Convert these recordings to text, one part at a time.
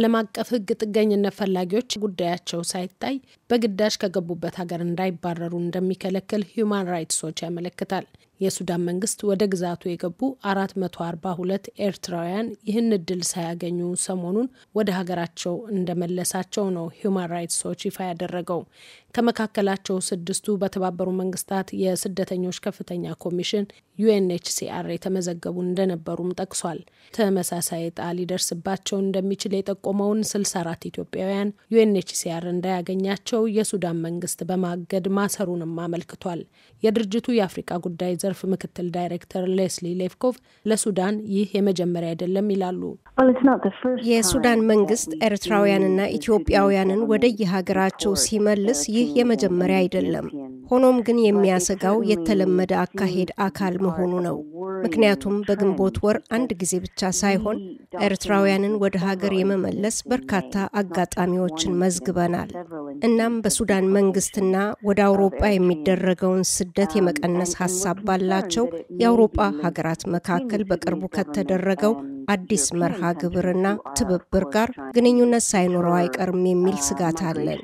ዓለም አቀፍ ሕግ ጥገኝነት ፈላጊዎች ጉዳያቸው ሳይታይ በግዳጅ ከገቡበት ሀገር እንዳይባረሩ እንደሚከለክል ሂዩማን ራይትስ ዎች ያመለክታል። የሱዳን መንግስት ወደ ግዛቱ የገቡ 442 ኤርትራውያን ይህን እድል ሳያገኙ ሰሞኑን ወደ ሀገራቸው እንደመለሳቸው ነው ሂዩማን ራይትስ ዎች ይፋ ያደረገው። ከመካከላቸው ስድስቱ በተባበሩ መንግስታት የስደተኞች ከፍተኛ ኮሚሽን ዩኤንኤችሲአር የተመዘገቡ እንደነበሩም ጠቅሷል። ተመሳሳይ እጣ ሊደርስባቸው እንደሚችል የጠቆመውን 64 ኢትዮጵያውያን ዩኤንኤችሲአር እንዳያገኛቸው የሱዳን መንግስት በማገድ ማሰሩንም አመልክቷል። የድርጅቱ የአፍሪቃ ጉዳይ ዘርፍ ምክትል ዳይሬክተር ሌስሊ ሌፍኮቭ ለሱዳን ይህ የመጀመሪያ አይደለም ይላሉ። የሱዳን መንግስት ኤርትራውያንና ኢትዮጵያውያንን ወደየሀገራቸው ሲመልስ ይህ የመጀመሪያ አይደለም። ሆኖም ግን የሚያሰጋው የተለመደ አካሄድ አካል መሆኑ ነው። ምክንያቱም በግንቦት ወር አንድ ጊዜ ብቻ ሳይሆን ኤርትራውያንን ወደ ሀገር የመመለስ በርካታ አጋጣሚዎችን መዝግበናል። እናም በሱዳን መንግስትና ወደ አውሮጳ የሚደረገውን ስደት um, የመቀነስ ሀሳብ ባላቸው የአውሮጳ ሀገራት መካከል በቅርቡ ከተደረገው um, አዲስ መርሃ ግብርና ትብብር ጋር ግንኙነት ሳይኖረው አይቀርም የሚል uh, ስጋት አለን።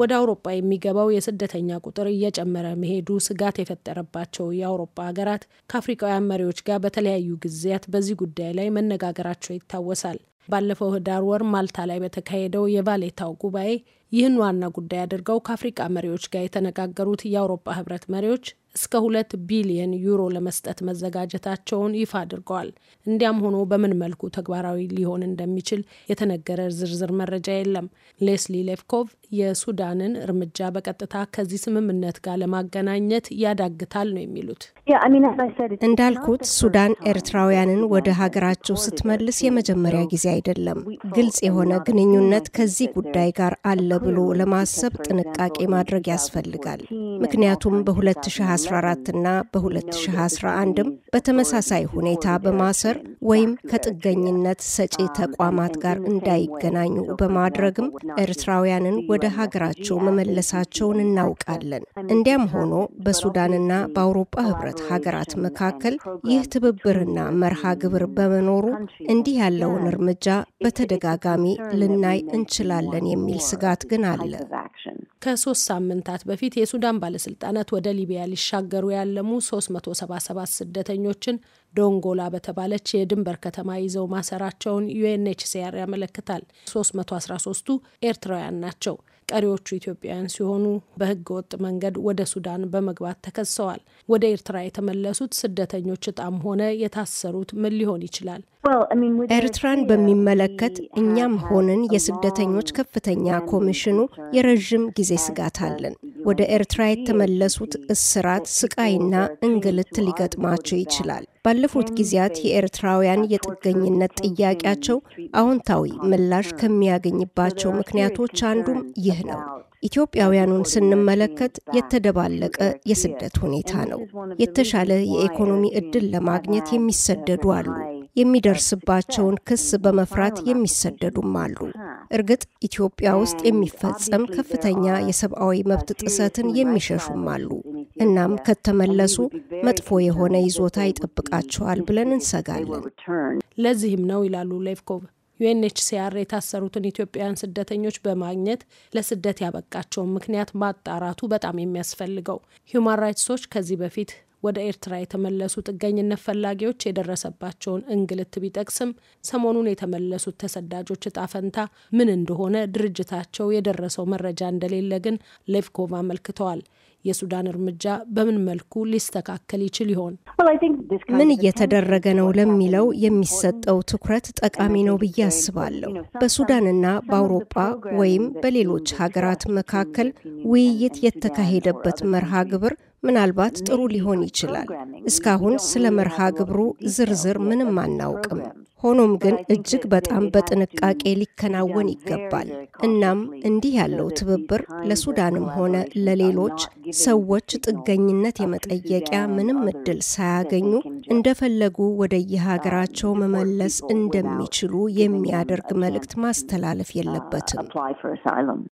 ወደ አውሮፓ የሚገባው የስደተኛ ቁጥር እየጨመረ መሄዱ ስጋት የፈጠረባቸው የአውሮፓ ሀገራት ከአፍሪካውያን መሪዎች ጋር በተለያዩ ጊዜያት በዚህ ጉዳይ ላይ መነጋገራቸው ይታወሳል። ባለፈው ህዳር ወር ማልታ ላይ በተካሄደው የቫሌታው ጉባኤ ይህን ዋና ጉዳይ አድርገው ከአፍሪቃ መሪዎች ጋር የተነጋገሩት የአውሮፓ ህብረት መሪዎች እስከ ሁለት ቢሊየን ዩሮ ለመስጠት መዘጋጀታቸውን ይፋ አድርገዋል። እንዲያም ሆኖ በምን መልኩ ተግባራዊ ሊሆን እንደሚችል የተነገረ ዝርዝር መረጃ የለም። ሌስሊ ሌፍኮቭ የሱዳንን እርምጃ በቀጥታ ከዚህ ስምምነት ጋር ለማገናኘት ያዳግታል ነው የሚሉት። እንዳልኩት ሱዳን ኤርትራውያንን ወደ ሀገራቸው ስትመልስ የመጀመሪያ ጊዜ አይደለም። ግልጽ የሆነ ግንኙነት ከዚህ ጉዳይ ጋር አለ ብሎ ለማሰብ ጥንቃቄ ማድረግ ያስፈልጋል። ምክንያቱም በ2014 እና በ2011ም በተመሳሳይ ሁኔታ በማሰር ወይም ከጥገኝነት ሰጪ ተቋማት ጋር እንዳይገናኙ በማድረግም ኤርትራውያንን ወደ ሀገራቸው መመለሳቸውን እናውቃለን። እንዲያም ሆኖ በሱዳንና በአውሮፓ ህብረት ሀገራት መካከል ይህ ትብብርና መርሃ ግብር በመኖሩ እንዲህ ያለውን እርምጃ በተደጋጋሚ ልናይ እንችላለን የሚል ስጋት ግን አለ። ከሶስት ሳምንታት በፊት የሱዳን ባለስልጣናት ወደ ሊቢያ ሊሻገሩ ያለሙ 377 ስደተኞችን ዶንጎላ በተባለች የድንበር ከተማ ይዘው ማሰራቸውን ዩኤንኤችሲአር ያመለክታል። 313ቱ ኤርትራውያን ናቸው። ቀሪዎቹ ኢትዮጵያውያን ሲሆኑ በህገ ወጥ መንገድ ወደ ሱዳን በመግባት ተከሰዋል። ወደ ኤርትራ የተመለሱት ስደተኞች እጣም ሆነ የታሰሩት ምን ሊሆን ይችላል? ኤርትራን በሚመለከት እኛም ሆንን የስደተኞች ከፍተኛ ኮሚሽኑ የረዥም ጊዜ ስጋት አለን። ወደ ኤርትራ የተመለሱት እስራት፣ ስቃይና እንግልት ሊገጥማቸው ይችላል። ባለፉት ጊዜያት የኤርትራውያን የጥገኝነት ጥያቄያቸው አዎንታዊ ምላሽ ከሚያገኝባቸው ምክንያቶች አንዱም ይህ ነው። ኢትዮጵያውያኑን ስንመለከት የተደባለቀ የስደት ሁኔታ ነው። የተሻለ የኢኮኖሚ እድል ለማግኘት የሚሰደዱ አሉ። የሚደርስባቸውን ክስ በመፍራት የሚሰደዱም አሉ። እርግጥ ኢትዮጵያ ውስጥ የሚፈጸም ከፍተኛ የሰብአዊ መብት ጥሰትን የሚሸሹም አሉ። እናም ከተመለሱ መጥፎ የሆነ ይዞታ ይጠብቃቸዋል ብለን እንሰጋለን። ለዚህም ነው ይላሉ ሌቭኮቭ ዩኤንኤችሲአር የታሰሩትን ኢትዮጵያውያን ስደተኞች በማግኘት ለስደት ያበቃቸውን ምክንያት ማጣራቱ በጣም የሚያስፈልገው። ሁማን ራይትስ ዎች ከዚህ በፊት ወደ ኤርትራ የተመለሱ ጥገኝነት ፈላጊዎች የደረሰባቸውን እንግልት ቢጠቅስም ሰሞኑን የተመለሱት ተሰዳጆች እጣ ፈንታ ምን እንደሆነ ድርጅታቸው የደረሰው መረጃ እንደሌለ ግን ሌቭኮቭ አመልክተዋል። የሱዳን እርምጃ በምን መልኩ ሊስተካከል ይችል ይሆን? ምን እየተደረገ ነው ለሚለው የሚሰጠው ትኩረት ጠቃሚ ነው ብዬ አስባለሁ። በሱዳንና በአውሮፓ ወይም በሌሎች ሀገራት መካከል ውይይት የተካሄደበት መርሃ ግብር ምናልባት ጥሩ ሊሆን ይችላል። እስካሁን ስለ መርሃ ግብሩ ዝርዝር ምንም አናውቅም። ሆኖም ግን እጅግ በጣም በጥንቃቄ ሊከናወን ይገባል። እናም እንዲህ ያለው ትብብር ለሱዳንም ሆነ ለሌሎች ሰዎች ጥገኝነት የመጠየቂያ ምንም እድል ሳያገኙ እንደፈለጉ ወደየሀገራቸው መመለስ እንደሚችሉ የሚያደርግ መልእክት ማስተላለፍ የለበትም።